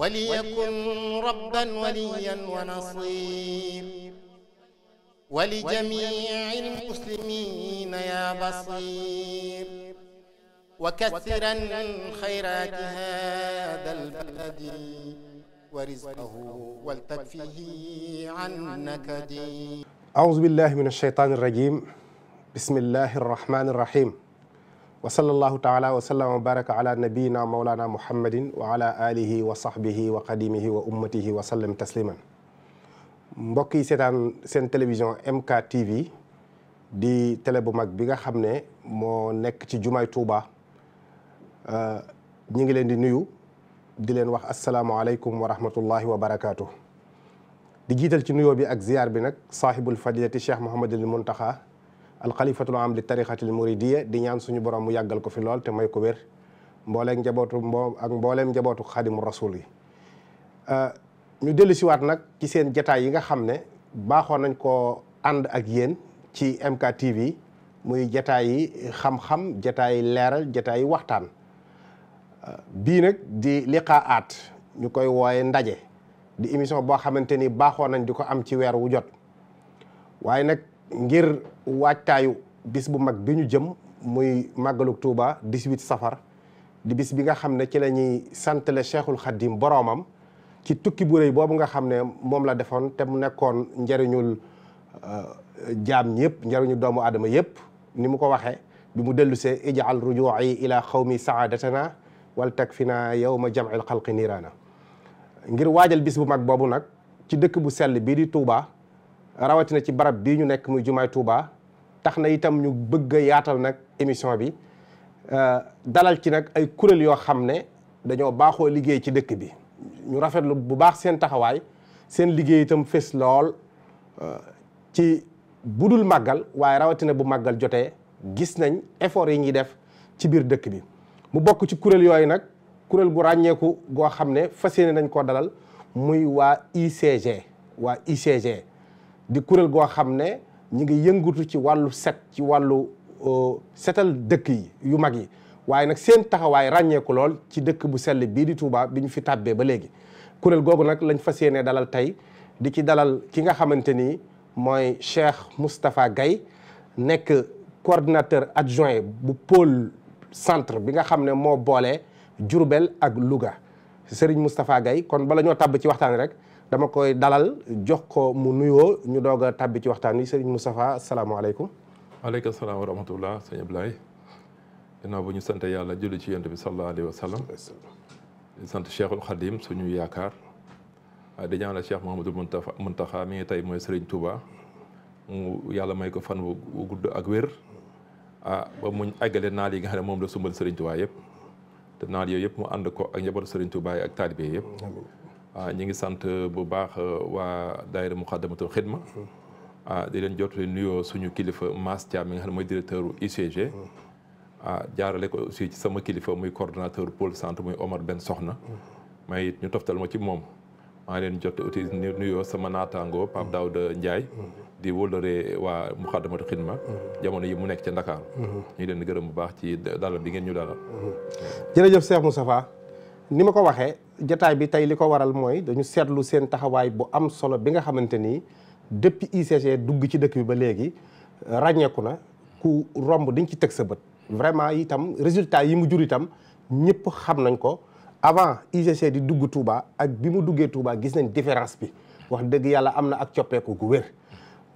وليكن ربا وليا ونصير ولجميع المسلمين يا بصير وكثرا خيرات هذا البلد ورزقه ولتكفيه عن نكدي أعوذ بالله من الشيطان الرجيم بسم الله الرحمن الرحيم wa sallallahu taala wa sallama wa baraka ala nabiyina mawlana muhammadin wa ala alihi wa sahbihi wa qadimihi wa ummatihi wa sallam tasliman mbokk yi seetaan seen television MK TV di télé bu mag bi nga xam ne moo nekk ci jumaay Touba euh, ñi ngi leen di nuyu di leen wax asalaamualeykum wa rahmatullahi wa barakaatu. ci nuyoo bi ak ziar bi nag saaxibul fadilati cheikh Mouhamadul Muntaxa alxalifatul am li tarixatil muridiya di ñaan suñu borom mu yàggal ko fi lool te may ko wér mbooleem njabootu mbo ak mbooleem njabootu xadimu rasul yi euh, ñu dellu siwaat nag ci seen jataay yi nga xam ne baaxoon nañ ko ànd ak yéen ci MKTV muy jataay yi xam-xam jataay leeral jataay yi waxtaan euh, bii nag di liqaat ñu koy wooye ndaje di émission boo xamante ni baaxoon nañ di ko am ci weer wu jot waaye nag ngir waajtaayu bis bu mag bi ñu jëm muy màggalu Touba 18 safar di bis bi nga xam ne ci la ñuy santale Cheikhul Khadim boroomam ci tukki bu rëy boobu nga xam ne moom la defoon te mu nekkoon njariñul euh, jaam ñëpp njariñu doomu aadama yëpp ni mu ko waxee bi mu dellusee ijaal rujuu'i ila xawmi saadatana wal takfina yawma ma xalqi niiraana ngir waajal bis bu mag boobu nag ci dëkk bu sell bii di Touba rawatina ci barab bii ñu nekk muy jumaay Touba tax na itam ñu bëgg a yaatal nag émission bi euh, dalal ci nag ay kuréel yoo xam ne dañoo baaxoo liggéey ci dëkk bi ñu rafetlu bu baax seen taxawaay seen liggéey itam fés lool euh, ci budul màggal waaye rawatina bu màggal jotee gis nañ effort yi ñuy def ci biir dëkk bi mu bokk ci kuréel yooyu nag kuréel gu ràññeeku goo xam ne fas yéene nañ koo dalal muy waa ICG waa ICG di kuréel goo xam ne ñi ngi yëngatu ci wàllu set ci wàllu euh, setal dëkk yi yu mag yi waaye nag seen taxawaay ràññeeku lool ci dëkk bu sell bii di Touba bi ñu fi tàbbee ba léegi kuréel googu nag lañ fa yéene dalal tey di ci dalal ki nga xamante ni mooy Cheikh Moustapha Gaye nekk coordinateur adjoint bu pôle centre bi nga xam ne moo boole jurubeel ak Louga Serigne Moustapha Gaye kon bala ñoo tàbb ci waxtaan rek dama koy dalal jox ko mu nuyoo ñu doog tàbbi ci waxtaan wi sëriñ Moustapha salaamaaleykum. waaleykum salaam wa rahmatullah sëñ Ablaye ginnaaw bu ñu sant yàlla julli ci yonent bi sallallahu alayhi wa sallam suñu yaakaar ah, di ñaanal Cheikh Mouhamadou Mountakha Mountakha mi ngi tey mooy sëriñ Touba mu yàlla may ko fan wu gudd ak wér ah ba mu àggale naal yi nga xam ne moom la sumbal sëriñ Touba yëpp te naal yooyu yëpp mu ànd ko ak njabootu sëriñ Touba yi ak taalibe yëpp. ah ñu ngi sant euh, bu baax euh, waa daayira Muqaddamatul Xidma mm-hmm. ah di leen jotale nuyo suñu kilifa Mass Thiam mi nga xam mooy directeur UCG. Mm-hmm. ah jaarale ko aussi ci sama kilifa muy coordonnateur pôle sant muy Omar benn Soxna. Mm-hmm. may it ñu toftal ma ci moom. maa ngi leen jot aussi nuyoo sama naataango Pape Daouda Ndiaye. di wóllare waa Muqaddamatul Xidma. jamono yi mu nekk ca Ndakaaru. ñu leen gërëm bu baax ci dalal bi ngeen ñu dalal. jërëjëf Cheikh Moustapha ni ma ko waxee. jataay bi tey li ko waral mooy dañu seetlu seen taxawaay bu am solo bi nga xamante ni depuis ICG dugg ci dëkk bi ba léegi ràññeeku na ku romb dañ ci teg sa bët. vraiment itam résultat yi mu jur itam ñëpp xam nañ ko avant ICG di dugg Touba ak bi mu duggee Touba gis nañ différence bi wax dëgg yàlla am na ak coppeeku ku wér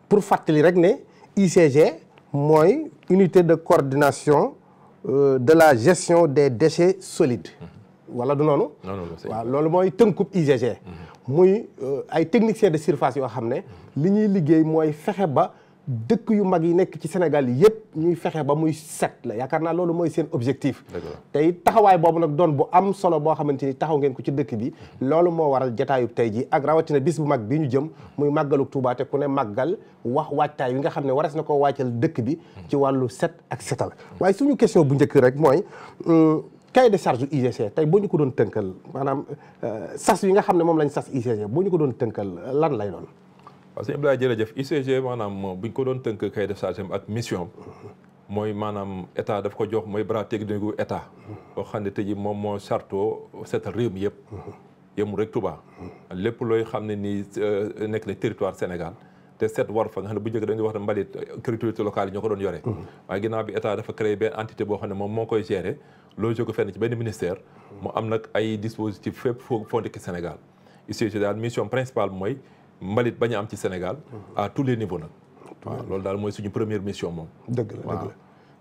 pour fàttali rek ne ICG mooy unité de coordination euh, de la gestion des déchets solide wala du noonu waaw loolu mooy tënkub IGG mm-hmm. muy euh, ay techniciens de surface yoo xam ne mm-hmm. li ñuy liggéey mooy fexe ba dëkk yu mag yi nekk ci Sénégal yëpp ñuy fexe ba muy set la yaakaar naa loolu mooy seen objectif tey taxawaay boobu nag doon bu am solo boo xamante ni taxaw ngeen ko ci dëkk bi mm-hmm. loolu moo waral jataayub tey ji ak rawatina bis bu mag bi ñu jëm muy màggalu Tuuba te ku ne màggal wax waajtaay wi nga xam ne waras na ko wàccal dëkk bi ci wàllu set ak waaye suñu question bu njëkk rek mooy euh, cahier de charge UGC tey boo ñu ko doon tënkal maanaam euh, sas yi nga xam ne moom lañ sas UGC boo ñu ko doon tënkal lan lay doon. waaw sëñ Abdoulaye jërëjëf UCG maanaam bu ñu ko doon tënk cahier de charge ak mission mooy maanaam état daf ko jox mooy bras technique gu état boo xam ne tey moom moo sartoo seetal réew mi yëpp yemul rek Touba lépp looy xam ne nii euh, nekk na territoire Sénégal te set war fa nga xam ne bu njëkk dañuy wax ne mbalit collectivités euh, ko doon yore waaye ginnaaw bi état dafa créé benn boo xam ne moom moo koy gérer loolu ko fenn ci benn ministère mu am nag ay dispositif fépp foo foo nekk Sénégal UCG daal mission principale mooy mbalit bañu am ci Sénégal à tous les niveaux nag waaw loolu daal mooy suñu première mission moom dëgg la dëgg la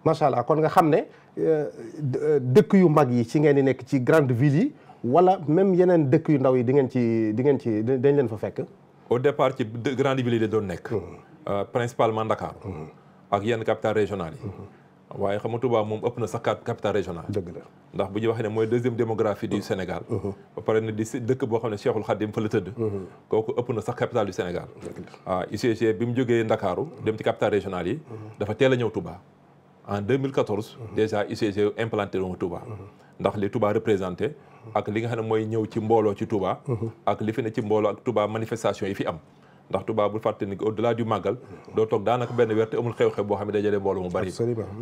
macha allah kon nga xam ne euh, euh, dëkk yu mag yi ci ngeen di nekk ci grande villes yi wala même yeneen dëkk yu ndaw yi di ngeen ci di ngeen ci dañ leen fa fekk au départ ci grandes villes yi la doon nekk mm-hmm. euh, principalement Dakar mm-hmm. ak yenn capitales régionales yi mm-hmm. waaye xam nga Touba moom ëpp na sax capitale régional dëgg la ndax bu ñu waxee ne mooy deuxième démographie du Sénégal ba pare ne dëkk boo xam ne Cheikhul Khadim fa la tëdd kooku ëpp na sax capitale du Sénégal waaw UCG bi mu jógee Ndakaaru dem ci capitale régionale yi dafa teel a ñëw Touba en 2014 déjà UCG implanté woon Touba ndax li Touba représenté ak li nga xam ne mooy ñëw ci mbooloo ci Touba ak li fi ne ci mbooloo ak Touba manifestation yi fi am ndax Touba bu fàtte ni au delà du màggal doo toog daanaka benn weer te amul xew-xew boo xam a dajale mbooloo mu bari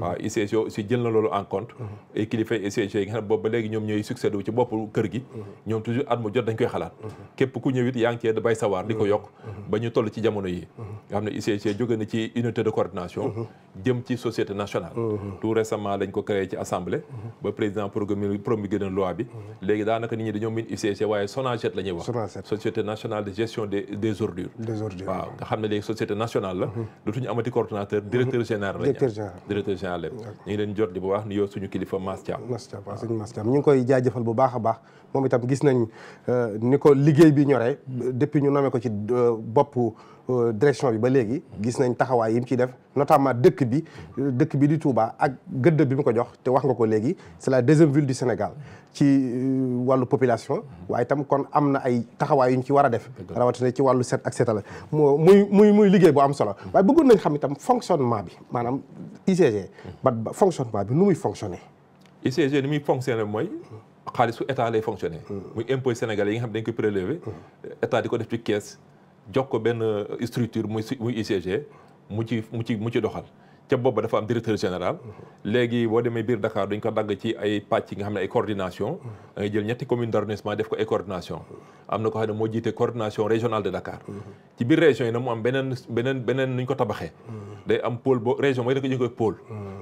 waaw ICG aussi jël na loolu en compte mhm. kilifa ICG yi nga ba léegi ñoom ñooy succédé ci bopp kër gi mhm. ñoom toujours at jot dañ koy xalaat mhm. képp ku ñëwit yaa ngi cee bay sawaar di ko yokk ba ñu toll ci jamono yi nga xam ne ICG jóge na ci unité de coordination jëm ci société nationale tout récemment lañ ko créé ci assemblée ba président promulgué na loi bi léegi daanaka nit ñi dañoo min ICG waaye SONAGED la ñuy wax société nationale aujourd'hui waaw nga xam ne léegi société nationale la mhm. dootuñu amati coordonnateur directeur général la directeur général directeur général lépp ñu leen jot di bu baax nuyoo suñu kilifa Mass Thiam Mass Thiam waaw sëñ Mass bu baax a baax moom itam gis nañ euh, ni ko liggéey bi ñoree mhm. depuis ñu namee ko ci euh, bopp Euh, direction bi ba léegi gis nañ taxawaay yi mu ciy def notamment dëkk bi dëkk bi di Touba ak gëdd bi mu ko jox te wax nga ko léegi c'est la deuxième ville du Sénégal ci euh, wàllu population waaye tam kon am na ay taxawaay yu ci war a def rawatina ci wàllu set ak setal moo muy muy muy liggéey bu am solo mm. waaye bëggoon nañ xam itam fonctionnement bi maanaam ICG mm. ba fonctionnement bi nu muy fonctionner ICG ni muy fonctionner mooy xaalis su état lay fonctionner mm. muy impôt sénégalais yi nga xam dañ koy prélever état di jox ko benn structure muy muy ICG mu ci mu ci mu ci doxal ca booba dafa am da ngay jël ñetti commune d' arrondissement def ko ay coordination am na ko moo jiite coordination régionale de Dakar ci biir région yi nag mu am beneen ko tabaxee am pôle boo région mooy dañ ko jël koy pôle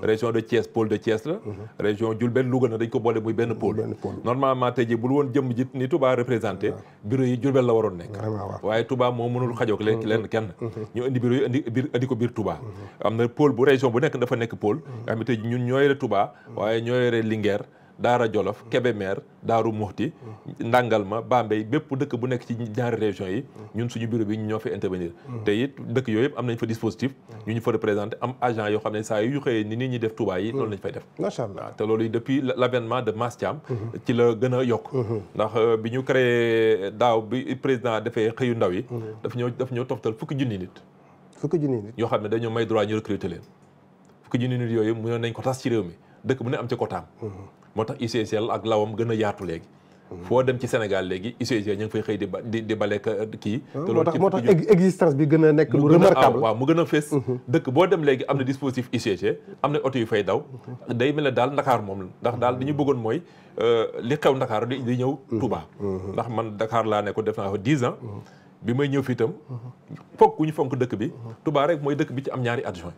région de Thiès pôle de Thiès la région Diourbel Louga na dañ ko boole muy benn pôle normalement tey ji bul woon jëm ji ni Touba représenté bureau yi Diourbel la waroon nekk waaye Touba moo mënul xajook leen kenn mm-hmm. ñu indi bureau yi ko biir Touba mm-hmm. am na pôle bu région bu nekk dafa nekk pôle. Mhm. nga xam ne tey ñun ñoo yore Touba. Mhm. waaye ñoo yore Linguère. Daara Jolof mhm. Kébémer Daaru Muxti Ndàngalma Bambey bépp dëkk bu nekk ci ñaari région yi ñun suñu bureau bi ñu ñoo fee intervenir te it dëkk yooyu yëpp am nañ fa dispositif ñu ñu fa représenté am agent yoo xam ne saa yu xëyee ni nit ñi def tubaa yi loolu lañ fay def macha allah te loolu yi depuis l'avènement de Mass Thiam la gën a yokk ndax euh, bi ñu créé daaw bi président defee xëyu ndaw yi daf ñoo daf ñoo toftal fukki junni nit fukki yoo xam ne dañoo may droit leen fukki junni nit yooyu mënoon nañ ko tas ci réew mi dëkk bu ne am ca kotaam mm-hmm. moo tax UCCL ak lawam gën a yaatu léegi mm-hmm. foo dem ci Sénégal léegi UCG ñu ngi fay xëy di ba di di bale kii. Ah, te loolu ci moo tax existence bi gën a nekk lu remarquable waaw mu gën a fees. Mm-hmm. dëkk boo dem léegi am na dispositif UCG am na oto yu fay daw. day mel ne daal Ndakaar moom ndax daal li ñu bëggoon mooy euh, li xew Ndakaar di di ñëw Touba. ndax man Dakar laa nekkoon def naa fa dix ans. bi may ñëw fii itam. foog ku ñu fonk dëkk bi. Touba rek mooy dëkk bi ci am ñaari adjoint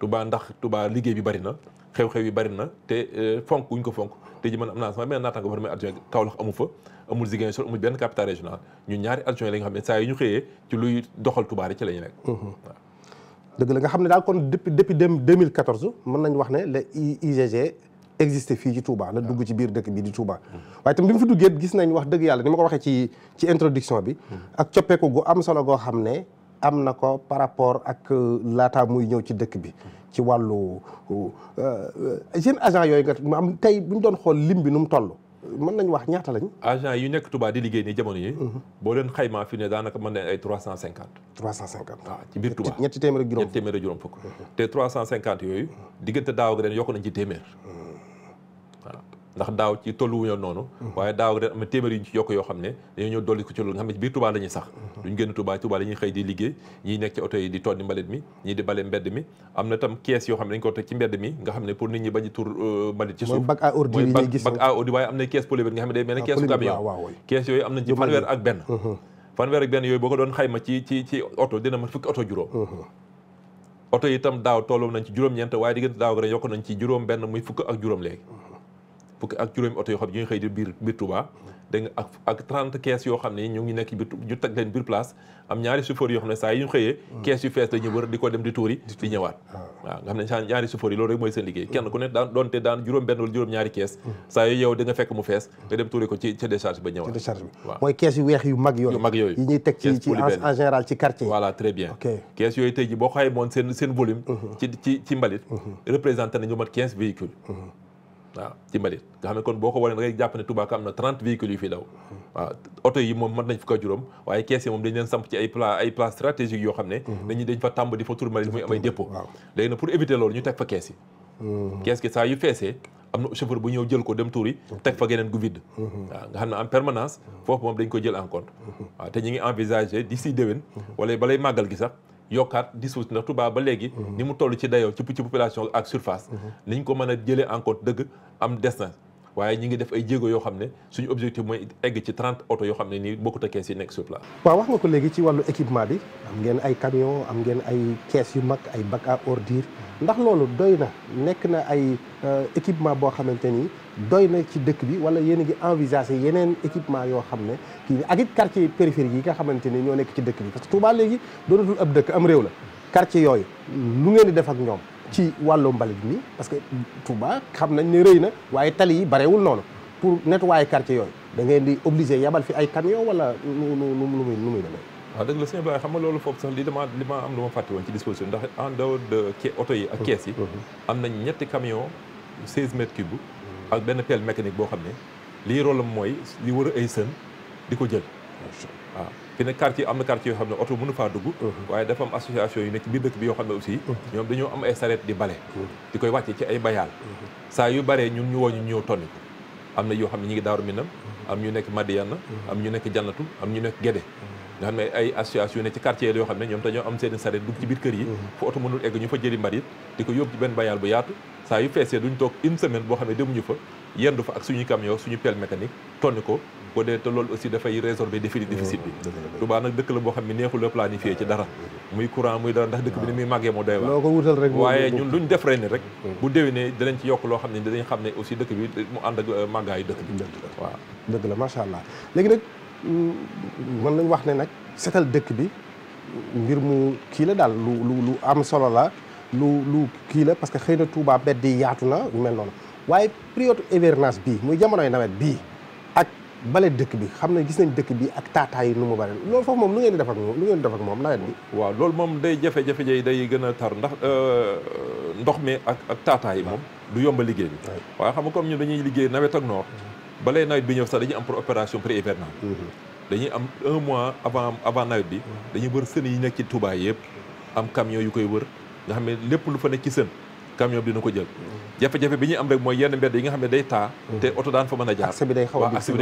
Touba ndax Touba liggéey bi bari na xew-xew yi bari na te euh, fonk wuñ ko fonk te ji man am naa sama benn naataango ba xam ne adjoint Kaolack amu fa amul Ziguinchor amul benn capital régional ñun ñaari adjoint la xam ne saa yu ñu xëyee ci luy doxal Touba rek ci la ñu mhm. dëgg la nga xam ne daal kon depuis depuis 2014 mën nañ wax ne le IGG existé fii ci Touba la dugg ci biir dëkk bi di tuubaa mhm. waaye itam bi mu fi duggee gis nañ wax dëgg yàlla ni ma ko waxee ci ci bi mhm. ak coppeeku gu am solo xam ne am na ko par rapport ak euh, laataa muy ñëw ci dëkk bi ci wàllu euh, euh, seen agent yooyu nga tey bu ñu doon xool lim bi nu mu toll mën wax ñaata lañ agent yu nekk Touba di liggéey nii jamono yi mhm. boo leen xaymaa fi ne daanaka mën nañ ay trois cent cinquante trois cent cinquante waaw ci biir Touba ñetti téeméer ak juróom fukk te trois cent cinquante yooyu diggante daaw ak yokk nañ ci téeméer mhm. ndax daaw ci tolluwuñu noonu mhm. waaye daaw ren am téeméer yu ñu ci yokk yoo xam ne dañoo ñëw dolli ko ci loolu nga xam ne biir Touba la sax mhm. duñ génn Touba Touba la ñuy xëy di liggéey oto yi di tonni mbalit am ne dañ ko teg ci mbedd mi nga xam ne pour a tur euh, mbalit ci suuf bac à ordures waaye am na kees polyvalent nga xam ne day mel ne ah, mhm. oto dina ma daaw tolloon nañ ci juróom-ñeent waaye diggante daaw ren yokk nañ ci juróom benn muy fukk ak juróom léegi fukki ak juróomi oto yoo xam ne ñu ngi nekk biir ñu teg leen biir place am ñaari chauffeur yoo xam ne saa yi ñu xëyee caisse hmm. yu fees la wër di ko dem di tuuri di ñëwaat waaw nga xam ne ñaari chauffeur yi loolu rek mooy seen liggéey hmm. kenn ku ne daan doonte daan juróom benn wala juróom ñaari caisse hmm. saa yu yow di fekk mu fees nga dem tuuri ko ci décharge ba ñëwaat mooy caisse yu weex yu mag yooyu yu mag yooyu yi ñuy teg ci ci en général ci quartier voilà très yooyu tey waaw ci mbalit nga xam ne kon boo ko waree da ngay jàpp ne Touba am na trente véhicules yu fi daw waaw oto yi moom mën nañ fukk ak juróom waaye kees yi moom dañ leen samp ci ay pla ay yoo xam ne mhm. dañuy dañ fa tàmb di fa tur mbalit muy am ay dépôt léegi nag pour éviter mhm. gi saa yu feesee am na chauffeur bu ñëw jël ko dem tuuri teg fa geneen gu vide mhm. waaw nga xam ne en permanence foofu moom dañ ko jël en compte waaw te ñu ngi envisager d'ici déwén wala balay màggal gi sax yokkaat dispositif na Touba ba léegi mhm. ni mu toll ci dayoo ci ci population ak surface ni mhm. ñu ko mën a jëlee en dëgg am destin waaye ñi ngi def ay jéego yoo xam ne suñu objectif mooy egg ci 30 oto yoo xam ne nii bokkut ak kees yi nekk sur place. waaw wax nga ko léegi ci wàllu équipement bi am ngeen ay camion am ngeen ay kees yu mag ay bac à ordures ndax loolu doy na nekk na ay euh, équipement boo xamante ni doy na ci dëkk bi wala yéen a ngi envisagé yeneen équipement yoo xam ne kii ak it quartier périphérique yi nga xamante ni ñoo nekk ci dëkk bi parce que Touba léegi doonatul ab dëkk am réew la. quartier yooyu lu ngeen di def ak ñoom ci wàllu mbalit mi parce que Touba xam nañ ne rëy na waaye tali yi barewul noonu pour nettoyer quartier yooyu da ngeen di obligé yabal fi ay camion wala nu nu nu muy nu muy demee waaw dëgg la xam nga loolu foofu sax li dama li ma am lu ma fàtte woon ci disposition ndax en dehors de oto yi ak kees yi mhm. Mhm. am nañ ñetti camion 16 mètres cube ak benn pelle mécanique boo xam ne lii rôlam mooy li wër ay sën di ko jël fi ne quartier am na quartier yoo xam ne oto mënu faa dugg uh-huh. waaye dafa am association yu nekk ci biir dëkk bi yoo xam ne aussi uh-huh. ñoom dañoo am ay uh-huh. ci ay bayaal saa yu baree ñun ñu ñëw tonni am na yoo xam ne ñu ngi daaru minam am ñu nekk Madiana am ñu nekk jannatu am ñu nekk Guédé nga xam ay association ne ci yoo xam ne ñoom dañoo am seeni saret dugg ci biir kër yi fu oto mënul egg ñu fa jëli mbalit di ko yóbbu ci benn bayaal bu yaatu saa yu feesee duñ toog une semaine boo xam ne demuñu fa yendu fa ak suñuy camion suñu pelle mécanique tonni ko boo te loolu aussi dafay résorber mm, déficit bi Touba nag dëkk la boo xam ne neexul a planifié ci dara muy courant muy dara ndax dëkk bi ni muy màggee moo doy waar waaye ñun luñ def ren ni rek mm. bu déwénee dinañ ci yokk loo xam ne dinañ xam ne aussi dëkk bi mu ànd ak euh, màggaayu waaw dëgg la macha allah léegi nag mm, mën nañ wax ne nag setal dëkk bi mbir mu kii la daal lu lu am solo la lu lu kii la parce que xëy na Touba bedd yi yaatu na mel noonu waaye période hivernage bii muy jamonoy nawet bii bale dëkk bi xam na gis nañ dëkk bi ak taataay nu mu bare loolu foofu moom lu ngeen di def ak moom lu ngeen di def ak moom nawet bi waaw loolu moom day jafe-jafe jay day gën a tar ndax euh, ndox mi ak ak taataay moom du yomba liggéey bi waaye xam nga comme ñun dañuy liggéey nawet ak noor mm-hmm. balee nawet bi ñëw sax dañuy am pour opération pré hivernale mm-hmm. dañuy am un mois avant avant nawet bi mm-hmm. dañuy wër sën yi nekk ci Touba yëpp am camion yu koy wër nga xam ne lépp lu fa nekk ci sën camion bi dina ko jël jafe-jafe bi ñuy am rek mooy yenn mbedd yi nga xam ne day taa te oto daan fa mën a jaar accès bi day xaw a waaw mm-hmm.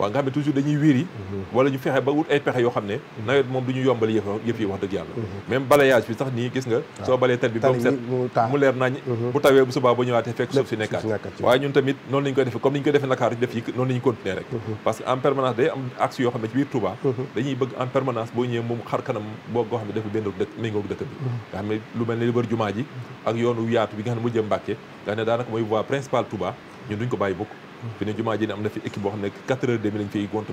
nga xam ne toujours dañuy wiiri mm-hmm. wala ñu fexe ba wut ay pexe yoo xam ne mm-hmm. nawet moom du ñu yombal yëf yi wax dëgg yàlla même balayage bi sax nii gis nga ah. soo balee tel bi ba set mu leer nañ bu tawee bu subaa ba ñëwaatee fekk suuf si nekkaat waaye ñun tamit noonu lañ koy defee comme ni koy defee Ndakaaru ak yoonu yaatu bi nga xam ne mu jëm Mbàkke nga xam ne daanaka mooy voie principale Touba ñun duñ ko bàyyi bokk hmm. fi ne jumaa ji ne am na fi équipe boo xam ne quatre heures demi lañ fiy ah,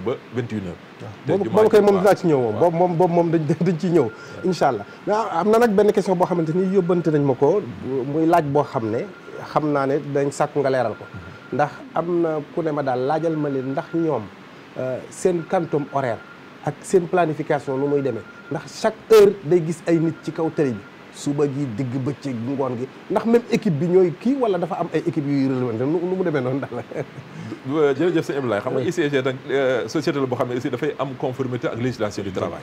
moom dinaa ci ñëw moom boobu allah mais am na nag benn question boo xamante ni yóbbante nañ ma ko muy laaj boo xam ne xam naa ne dañ sàkku nga leeral ko hmm. ndax am na ku ne ma daal laajal ma leen ndax ñoom euh, seen quantum horaire ak seen planification lu muy demee ndax chaque heure day gis ay nit ci kaw tëri bi suba gi digg bëccëg ngoon gi ndax même équipe bi ñooy kii wala dafa am ay équipe yuy relevante nu mu demee noonu daal euh, jërëjëf sëñ Abdoulaye xam nga ICG nag euh, société la boo xam ne aussi dafay am conformité ak législation du travail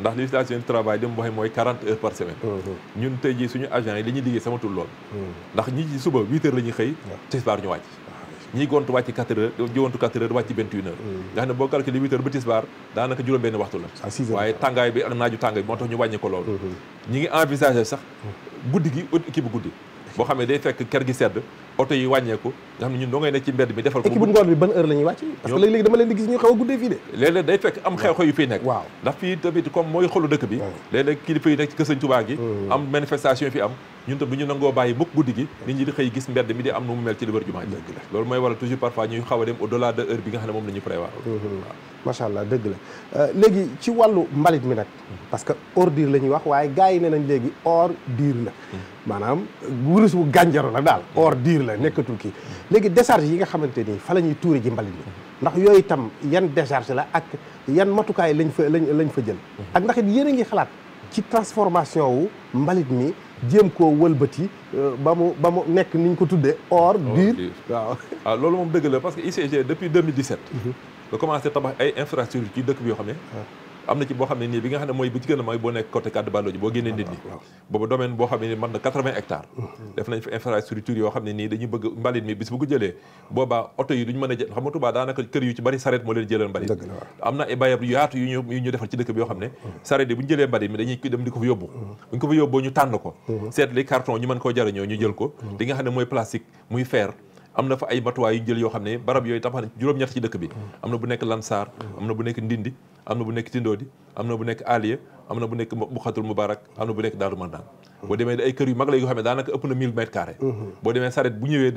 ndax législation du travail li mu mooy 40 heures par semaine mhm. ñun tey jii suñu agent yi li ñuy liggéey sama tul lool mhm. ndax ñi ci suba 8 heures la ñuy xëy tisbaar ñu wàcc ñiy gont wàcc 4 heures jiwantu 4 heures wàcc 21 heures mm. nga xam ne boo calculé 8 heures ba tisbaar daanaka juróom-benn waxtu la ah, waaye tàngaay bi ak naaju tàngaay bi moo tax ñu wàññi ko mm-hmm. ñi ngi envisagé sax guddi gi ut guddi boo xam ne day fekk ker gi sedd oto yi wàññeeku nga xam ne ñun doo ngay nekk ci mbedd mi defal ko équipe ngoon bi ban heure la ñuy wàcc parce que léeg-léeg dama leen di gis ñu xaw a guddee fii de léeg day fekk am xew-xew fii nekk waaw ndax fii tamit comme mooy xolu dëkk bi léeg-léeg kilifa yi nekk ci kër Sëñ gi hmm. am manifestation fi am ñun tam du ñu nangoo bàyyi mukk guddi gi nit ñi di xëy gis mbedd mi di am nu mu mel ci li wër jumaa loolu mooy waral toujours parfois a macha allah dégg la euh, léegi ci wàllu mbalit mi nag. parce que ordure la ñuy wax waaye gars yi ne nañ léegi or diir la. maanaam wurus bu gànjaro la daal or diir la nekkatul kii. léegi décharge yi nga xamante ni fa la ñuy tuuri ji mbalit mi. ndax yooyu itam yan décharge la ak yan matukaay lañ fa lañ lañ fa jël. ak ndax it yéen a ngi xalaat ci transformation wu mbalit mi jéem koo wëlbati euh, ba mu ba mu nekk ni ko tuddee ordure. waaw waaw ah, loolu moom dëgg la parce que ICG depuis 2017. nga commencé tabax ay infrastructure ci dëkk bi yoo xam ne am na ci boo xam ne nii bi nga xam ne mooy bi ci gën a mooy boo nekk côté Kaddu Ballo ji boo génnee nit ñi boobu domaine boo xam ne nii mën na 80 hectares mm. def nañ fa infrastructure yoo xam ne nii dañuy bëgg mbalit mi bis bu jëlee boobaa oto yi duñ mën a jël xam nga am ñu yu ci dëkk bi yoo xam ne saret mm. yi bu ñu jëlee mbalit mi dañuy dem di ko fa yóbbu mm. bu ñu ko fa yóbboo ñu tànn ko seet li carton ñu mën koo jariñoo ñu am na fa ay matuwaay yu jël yoo xam ne barab yooyu tabax juróom-ñett ci dëkk bi mm. am na bu nekk Lansar mm. am na bu nekk Ndindi am na bu nekk Tindoodi am na bu nekk Aliya am na bu nekk Buxatul Mubarak am na bu nekk Daaru Mandaan hmm. boo demee ay kër yu mag la yoo xam ne daanaka ëpp na 1000 mètres carrés hmm. boo demee saret bu ko hmm.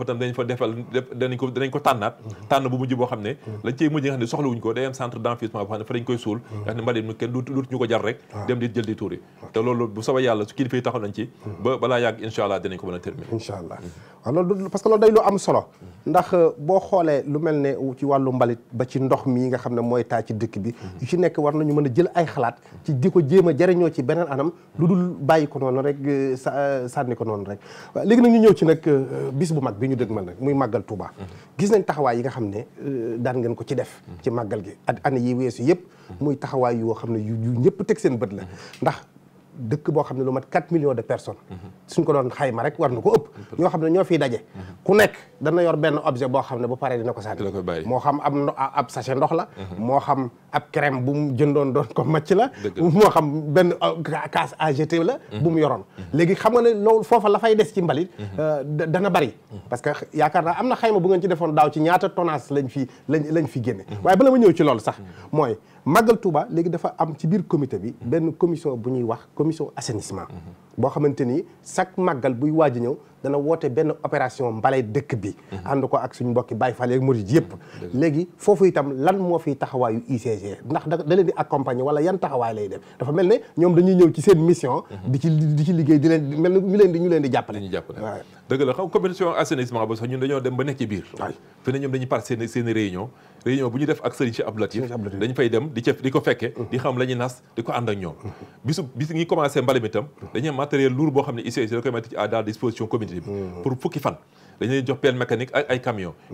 xam ne dañ ko tànnaat tànn bu mujj boo xam ne lañ cay ñu ko jar rek dem di jël di tuuri te loolu bu soobee yàlla su kilifa yi taxaw nañ ci hmm. ba balaa yàgg incha allah dinañ ko mën a terminer incha allah hmm. waaw loolu parce que loolu day lu am solo ndax euh, boo xoolee lu mel ne ci wàllu mbalit ba ci ndox mi nga xam ne mooy taa ci dëkk bi hmm. yu ci nekk war nañu mën a jël ay xalaat ci di ko jéem a jariñoo ci beneen anam lu dul bàyyi ko noonu rek euh, sa euh, sànni ko noonu rek waaw léegi nag ñu ñëw ci nag bis bu mag bi ñu dëgmal nag muy màggal Touba gis nañ taxawaay yi nga xam ne daan ngeen ko ci def ci màggal gi at année yi weesu yëpp muy taxawaay yoo xam ne yu ñëpp teg seen bët la ndax dëkk boo xam ne lu mat 4 millions de personnes suñ ko doon xayma rek war na ko ëpp ñoo xam ne ñoo fiy daje ku nekk dana yor benn objet boo xam ne bu paree dina ko sànni moo xam ab ab sachet ndox la mhm. moo xam ab crème bu mu jëndoon doon ko màcc la moo xam benn kaas euh, AGT la mhm. bu mu yoroon léegi xam nga ne loolu foofa la fay des ci mbalit mhm. euh, dana bari parce que yaakaar naa am na xayma bu ngeen ci defoon daaw ci ñaata tonnage lañ fi lañ lañ fi génne waaye bala ma ñëw ci loolu sax mooy màggal Touba léegi dafa am ci biir comité bi benn commission bu ñuy wax commission assainissement. boo xamante ni chaque màggal buy waaj a ñëw dana woote benn opération mbalay dëkk bi. ànd ko ak suñu mbokki Baye Fall ak Murid yëpp. léegi foofu itam lan moo fiy taxawaayu UCG ndax da leen di accompagner wala yan taxawaay lay def dafa mel ne ñoom dañuy ñëw ci seen mission. Mhm. di ci liggéey di leen mel ni ñu leen di ñu leen di jàppale. ñu jàppale waaw dëgg la xam commission assainissement ba sax ñun dañoo dem ba nekk ci biir. waaw fi ne ñoom dañuy par réunion bu ñu def ak sëriñ si Abdou Latif dañ fay dem di ca di ko fekke mm-hmm. di xam la nas di ko ànd ak ñoom bisu bis ngi commencé mbali itam mm-hmm. dañuy am matériel lourd boo xam ne UCG da koy mettre à la disposition mm-hmm. dañu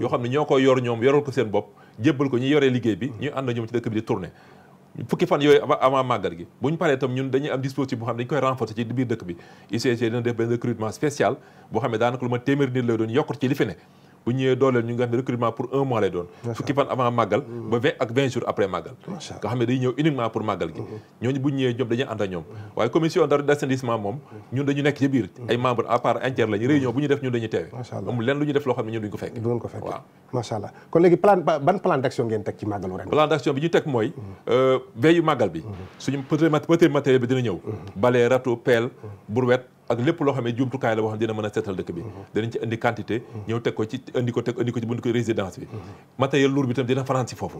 xam ne ñoo koy yor ñoom yorul ko seen bopp jébbal ko ñu yoree liggéey bi ñuy ànd ak ñoom ci dëkk bi di tourner fukki fan yooyu avant màggal gi bu ñu paree itam ñun dañuy am dispositif boo xam ne dañu koy renforcer ci biir dëkk bi UCG dina def benn recrutement spécial boo xam ne daanaka lu ma téeméeri nit lay doon ne bu ñëwee dooleel ñu nga xam ne recrutement pour un mois lay doon fukki fan avant màggal mm. ba vingt ak vingt jours après màggal nga xam ne day ñëw uniquement pour màggal gi mm-hmm. ñu def ñun dañuy teewe amul lu ñu def loo xam ne ñun duñ ko fekk duñ ko allah kon léegi plan plan d'action ngeen teg ci màggalu ren plan d'action bi ñu teg mooy mm-hmm. euh, veillu màggal bi mm-hmm. suñu petit matériel bi dina ñëw balai râteau pelle brouette ak lépp loo xam ne jumtukaay la boo xam dina mën a seetal dëkk bi mhm. danañ ci indi quantité mhm. ñëw teg ko ci indi ko teg indi ko ci buntu ko résidence bi mhm. matériel lourd bi tam dina faransi foofu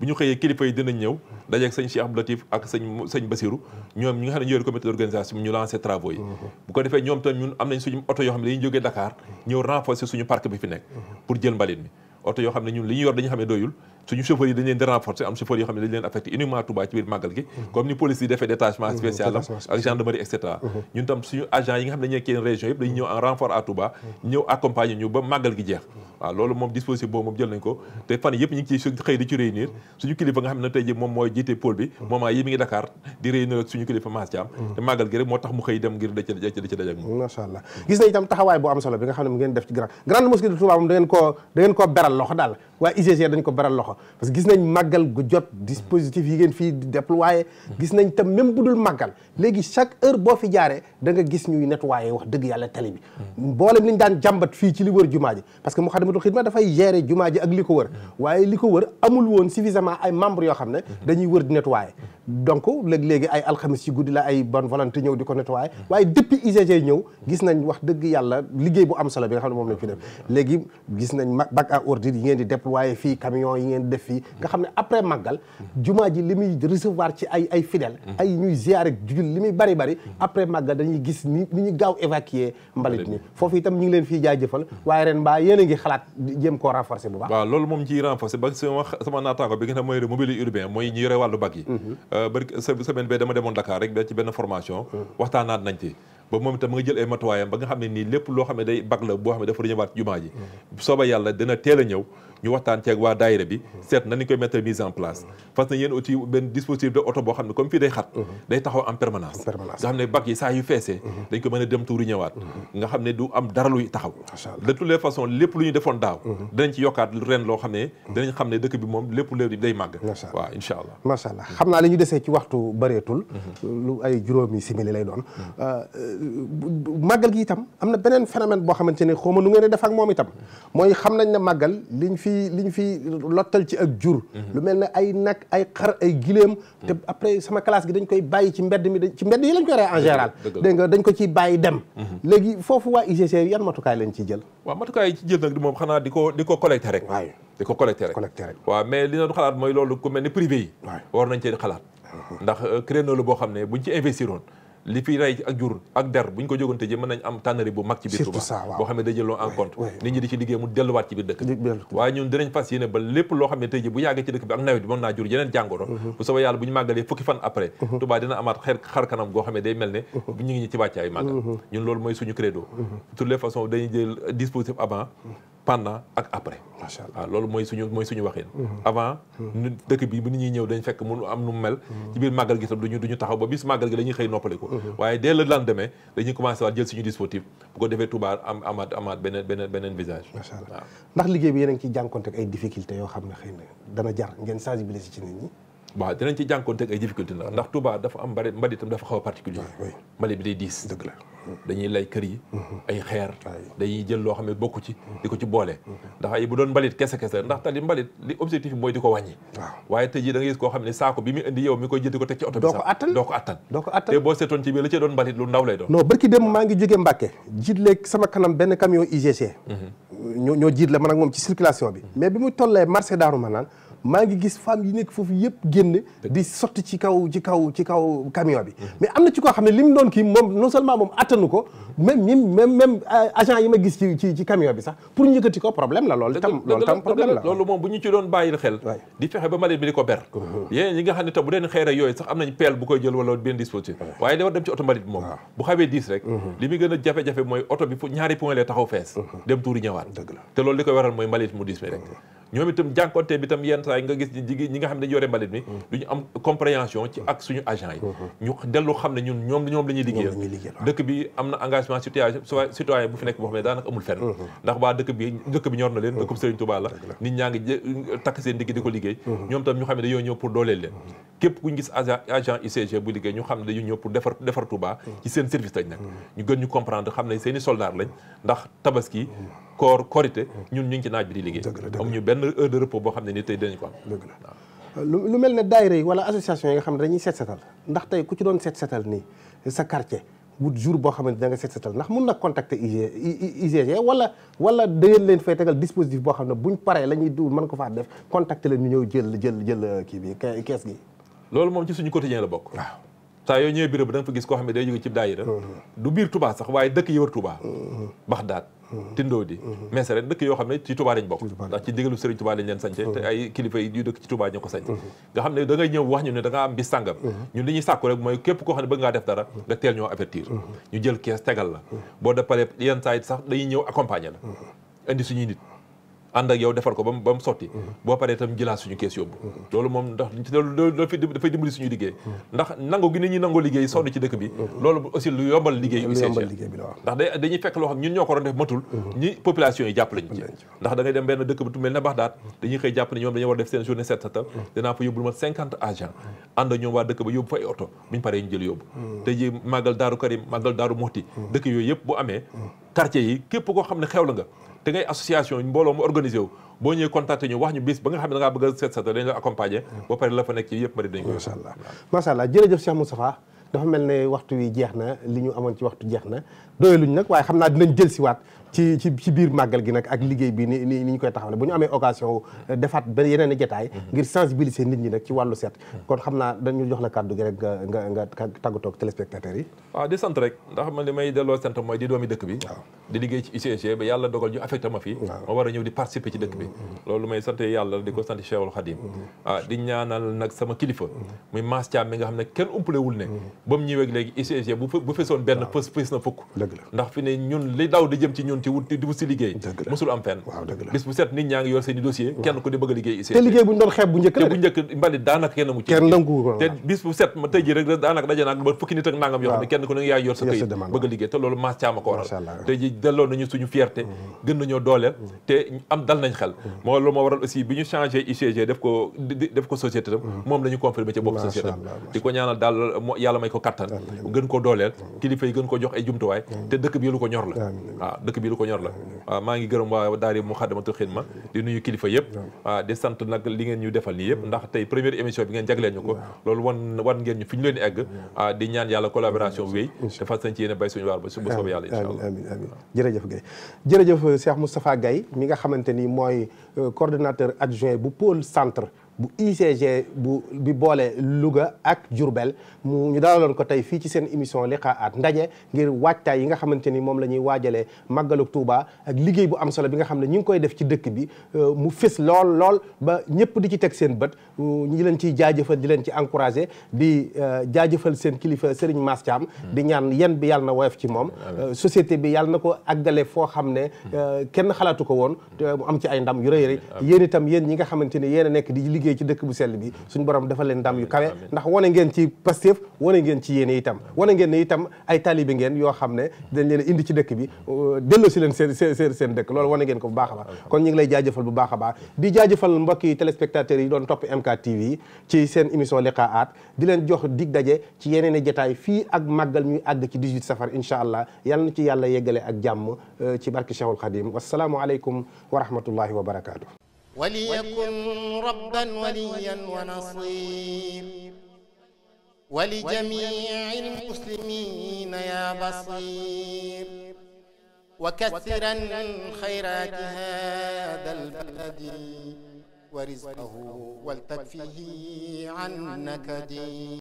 bu ñu xëyee kilifa yi dinañ ñëw dajeeg sëñ Cheikh Abdou Latif ak sëñ sëñ Basirou ñoom ñi nga xam ne ñu yor comité d'organisation bi ñu lancé travaux yi bu ko defee ñoom tam ñun am nañ suñu oto yoo xam ne dañuy jógee Dakar ñëw renforcer suñu parc bi fi nekk pour jël mbalit mi oto yoo xam ne ñun li ñu yor dañu xam ne doyul suñu chauffeurs yi dañ leen di renforcer am chauffeurs yoo xam ne dañ leen affecté uniquement Touba ci biir màggal gi mhm. comme ni police yi defee détachement mhm. spécial am ak gendarmerie et cetera mhm. ñun tam suñu agent yi nga xam ne dañu kenn région yëpp dañu ñëw en renfort à Touba ñëw accompagner ñu ba màggal gi jeex waaw loolu moom dispositif boobu moom jël nañ ko te fan yëpp ñu ngi ciy xëy di ci réunir suñu kilifa nga xam ne tey ji moom mooy jiite pôle bi moment yi mi ngi Dakar di réunir ak suñu kilifa Mass Thiam te màggal gi rek moo tax mu xëy dem ngir da ci dajak moom macha allah gis na itam taxawaay bu am solo bi nga xam ne mu ngeen def ci grand grande mosquée de Touba moom da ngeen ko da ngeen ko beral loxo daal waa UGC dañ ko beral loxo parce que gis nañ màggal gu jot dispositif yi ngeen fii déployé gis nañ tam même bu dul màggal léegi chaque heure boo fi jaaree da nga gis ñuy nettoyé wax dëgg yàlla tali boole mboolem daan jàmbat fii ci li wër jumaa ji parce que Moukhaddamatoul Khidma dafay gérer jumaa ji ak li wër waaye li ko wër amul woon suffisamment ay membres yoo xam ne dañuy wër di nettoyé donc léeg-léegi ay alxamis ci guddi la ay bonne volonté ñëw di ko nettoyé waaye depuis UCG ñëw gis nañ wax dëgg yàlla liggéey bu am solo bi nga ne moom lañ fi def léegi gis nañ bac à ordures yi ngeen di yi ngeen def fii nga xam ne après màggal jumaa ji li muy recevoir ci ay ay fidèles ay ñuy ziare jul li muy bari bari après màggal dañuy gis ni ni ñu gaaw évacuer mbalit ni foofu itam ñu ngi leen fii waaye ren mbaa yéen ngi xalaat jéem koo renforcer bu baax loolu moom ciy renforcer ba sama sama naataango bi nga xam mooy mobilier urbain mooy ñi yore wàllu bag yi mhm. euh, formation mhm. waxtaanaat nañ ci moom itam nga jël ay matuwaayam ba nga xam ne nii lépp loo xam ne day bag la boo xam ne dafa ñëwaat jumaa ji mhm. sooba yàlla dina teel a ñëw ñu waxtaan ceeg waa daayira bi seet na ñu koy mettre mise en place parce que yéen boo xam ne comme fii day xat day taxaw en permanence nga xam ne bac yi saa yu feesee mhm. dañ ko mën a dem tuuri ñëwaat nga xam ne du am dara luy taxaw de toutes les façons lépp lu ñu defoon daaw mhm. danañ ci yokkaat ren loo xam ne mhm. danañ xam ne dëkk bi moom lépp lépp day màgg waaw incha allah macha allah xam naa li ñu desee ci waxtu bëreetul lu ay juróomi simili lay doon euh, euh, màggal gi itam am na beneen phénomène boo xamante ne xawma nu ngeen di def ak moom itam mooy xam nañ ne fi li ñu fi lottal ci ak jur mhm. lu mel ne ay nag ay xar ay giléem mhm. te après sama classe gi dañ koy bàyyi ci mbedd mi dañ ci mbedd yi lañ koy rey en général dégg nga dañ ko ci bàyyi dem mhm. léegi foofu waa UGC yan matukaay lañ ci jël waa matukaay yi ci jël nag di moom xanaa di ko di ko collecté rek waaw di ko collecté rek collecté rek waaw mais li doon xalaat mooy loolu ku mel ni privé yi war nañ cee xalaat ndax euh, créneau la boo xam ne buñ ci investir woon li fi rey ak jur ak der bu ñu ko jógoon tëjee mën nañ am tànnari bu mag ci biir Touba boo xam ne day jëloo en compte nit ñi di ci liggéey mu delluwaat ci biir dëkk waaye ñun dinañ fas yéene ba lépp loo xam tëjee bu yàggee ci dëkk bi ak nawet bi mën naa jur yeneen jàngoro mhm. bu soobee yàlla bu ñu fukki fan après mhm. Touba dina amaat xar kanam goo xam day mel ne mhm. bu ñu ngi ñi ci wàccaay màggal ñun loolu mooy suñu credo toutes les façons dañuy pendant ak après. macha loolu mooy suñu mooy suñu waxin. Mhm. avant mhm. nu dëkk bi bu nit ñi ñëw dañ fekk mu am nu mu mel. Mhm. ci biir màggal gi tam duñu duñu taxaw ba bis màggal gi la ñuy xëy noppaliku. waaye dès le lendemain dañuy commencé waat jël suñu dispositif bu ko defee Touba am amaat amaat beneen beneen beneen visage. macha ndax liggéey bi yéen a ngi ciy ay difficultés yoo xam ne xëy na dana jar ngeen sensibiliser ci nit ñi. waaw dinañ ci jànkoonteeg ay difficulté na ndax Touba dafa am bari mbalit itam dafa xaw a particulier ah, mbalit bi day diis dañuy lay kër yi mhm. ay xeer dañuy jël loo xam ne bokku ci mhm. di ko ci boole ndax ay bu doon mbalit kese kese ndax tali mbalit li objectif bi mooy di ko wàññi waaw waaye tey jii da nga gis koo xam ne saako bi mu indi yow mi koy jënd ko teg ci oto bi doo ko attan doo ko attan doo ko attan te boo seetoon ci biir la ci doon mbalit lu ndaw lay doon non barki ngi jógee Mbàkke jiit léeg sama kanam benn camion UGC mhm. ñoo jiit la man moom ci circulation bi mais bi mu tollee marché Daaru Manaan maa ngi gis femmes yi nekk foofu yëpp génn di sotti ci kaw ci kaw ci kaw camion bi mais am na ci koo xam ne li mu doon ki moom non seulement moom attanu ko même même même euh, agent yi ma gis ci ci ci camion bi sax pour ñu yëkkati ko problème la loolu tam loolu tam problème moom bu ñu ci doon bàyyil xel di fexe ba mbalit bi di ko ber yéen ñi nga xam ne tam bu deen xeere yooyu sax am nañ peel bu koy jël wala benn dispositif waaye dafa dem ci oto mbalit ah. bi a jafe mooy oto bi ñaari point lay taxaw fees dem tuuri ñëwaat te loolu li koy waral mooy mbalit mu diis mi rek bi tam yenn saa yi nga gis jigéen ñi nga xam ne dañu yore mbalit mi mm. du ñu am compréhension ci ak suñu agent yi mm-hmm. ñu dellu xam ne ñun ñoom ñoom la ñuy liggéeyal dëkk bi am na engagement citoyen citoyen bu fi nekk boo xam ne daanaka amul fenn mm-hmm. ndax waa dëkk bi dëkk bi ñor na leen mm-hmm. dëkk bi Serigne Touba la nit ñaa ngi takk seen digg di ko liggéey ñoom tam ñu xam ne dañoo ñëw pour dooleel leen képp ku ñu gis agent agent UCG bu liggéey ñu xam ne dañu ñëw pour defar defar Touba ci seen service lañ nag ñu gën ñu comprendre xam ne seeni soldaar lañ ndax tabaski koor korité ñun ñu ngi ci naaj bi di liggéey amuñu benn heure de repos boo xam ne ni tey dinañ ko am lu mel ne daayira yi wala association yi nga xam ne dañuy seet setal ndax tey ku ci doon seet setal nii sa quartier wut jour boo xamante da nga seet setal ndax mun na contacter UGG wala wala dangeen leen fay tegal dispositif boo xam ne buñ paree la ñuy duul mën ko faa def contacter leen ñu ñëw jël jël jël kii bi kees gi loolu moom ci suñu quotidien la bokk waaw saa yoo ñëwee bureau bi da nga fa gis koo xam ne day jóge ci daayira mhm. du biir Touba sax waaye dëkk yi wër Touba mhm. Mhm. tindoo di mais dëkk yoo xam ne ci tubaa lañ bokk ndax ci digalu Serigne Touba lañ leen sañce te ay kilifa yi yu dëkk ci Touba ñoo ko sañc nga xam ne da ngay ñëw wax ñu ne da am bi sàngam ñun li ñuy sàkku rek mooy képp koo xam ne bëgg ngaa def dara nga teel ñoo avertir ñu jël kees tegal la boo da pare yenn saa yi sax dañuy ñëw accompagner la indi suñuy nit ànd ak yow defar ko ba mu ba mu sotti mm-hmm. boo paree itam jëlaat suñu kees yóbbu mm-hmm. loolu moom ndax loolu dafay dimbali suñu liggéey mm-hmm. ndax nango gi nit ñi nango liggéey sonn ci dëkk bi loolu aussi lu yombal liggéey bi ndax day dañuy fekk loo xam ñun ñoo ko doon def dem benn dëkk bu mel na Baxdaad dañuy xëy jàpp ne ñoom dañu war def seen journée set setal dinaa fa yóbbul waa dëkk ba yóbbu fa ay oto buñu paree ñu jël yóbbu te ji màggal daaru Karim màggal daaru Muxti dëkk yooyu yëpp bu amee quartier yi képp koo xam ne xew la nga te ngay association mbooloo mu organisé wu boo ñëwee contacté ñu wax ñu bis ba nga xam ne da ngaa bëgg a seet seetal dañ la accompagner mm. ba pare la fa nekk ci yëpp mari dañ ko macha allah macha allah jërëjëf Cheikh Moustapha dafa mel ne waxtu wi jeex na li ñu amoon ci waxtu jeex na doyaluñ nag waaye xam naa dinañ jël si waat ci ci ci biir màggal gi nag ak liggéey bi ni ni ñu koy taxawale bu ñu amee occasion defaat ba yeneen i jotaay mhm. ngir sensibiliser nit ñi nag ci wàllu seet mhm. kon xam naa dañu jox la kàddu gi rek nga nga nga tàggatoo yi ah, di sant rek ndax man li may delloo sant mooy di doomi dëkk bi di liggéey ci UCG ba yàlla dogal ñu affecté ma fii ma war a ñëw di participer ci dëkk bi mhm. loolu may sant yàlla di ko sant Cheikhul Khadim ah, di ñaanal nag sama na fukk ndax fi ne ñun li daw di jëm nekkoon ci wut di wut si liggéey mosul am fenn bis bu set nit ñaa ngi yor seen i dossier kenn ku di bëgg liggéey te liggéey bu doon xeeb bu njëkk te bu daanaka kenn mu ci kenn ko te bis bu set nangam yoo kenn ku ne yor sa këy bëgg a liggéey te loolu maas caama ko waral tey ji delloo nañu suñu fierté mm-hmm. gën nañoo dooleel mm-hmm. te am dal nañ xel mm-hmm. moo loolu moo waral aussi bi ñu changé ICG def ko def ko société tam moom la ñu confirmé ci bopp société tam di ko ñaanal daal yàlla may ko ay jumtuwaay te dëkk ko ñor bi lu ko ñor la waaw maa ngi gërëm waa daari Moukhaddamatoul Khidma di nuyu kilifa yëpp waaw di sant nag li ngeen ñu defal nii yëpp ndax tey première émission bi ngeen jagleen ñu ko loolu wan wan ngeen ñu fi ñu leen egg di ñaan yàlla collaboration wéy te fas nañ ci yéen a bay suñu waar ba suba soobee yàlla incha allah mi nga xamante ni mooy euh, coordonnateur adjoint bu pôle centre bu UCG bu bi boole Louga ak Diourbel mu ñu dalaloon ko tey fii ci seen émission liqaat ndaje ngir waajtaay yi nga xamante ni moom la ñuy waajalee màggalu Touba ak liggéey bu am solo bi nga xam ne ñu ngi koy def ci dëkk bi euh, mu fës lool lool ba ñëpp di ci teg seen bët euh, ñi leen ciy jaajëfal di leen ci encouragé di euh, jaajëfal seen kilifa Serigne Mass Thiam hmm. di ñaan yen bi yàlla na woyof ci moom société bi yàlla na ko àggale foo xam ne hmm. kenn xalaatu ko woon mu am ci ay ndam yu rëy rëy yéen itam yéen ñi nga xamante ni yéen nekk di liggéey liggéey ci dëkk bu sell bi suñu borom dafa leen ndam yu kawe ndax wane ngeen ci Pastef wane ngeen ci yéene itam wane ngeen ne itam ay taalibe ngeen yoo xam ne dañ leen indi ci dëkk bi euh, delloo si leen seen seen seen dëkk loolu wane ngeen ko bu baax a baax kon ñu ngi lay jaajëfal bu baax a baax di jaajëfal mbokki téléspectateurs yi doon topp MKTV ci seen émission liqaat di leen jox dig daje ci yeneen i jataay fii ak màggal ñuy àgg ci 18 safar incha allah yàlla na ci yàlla yeggale ak jàmm euh, ci barke Cheikhul Khadim wasalaamualeykum wa rahmatullahi wa barakaatu وليكن ربا وليا ونصير ولجميع المسلمين يا بصير وكثرا خيرات هذا البلد ورزقه ولتكفيه عن نكدي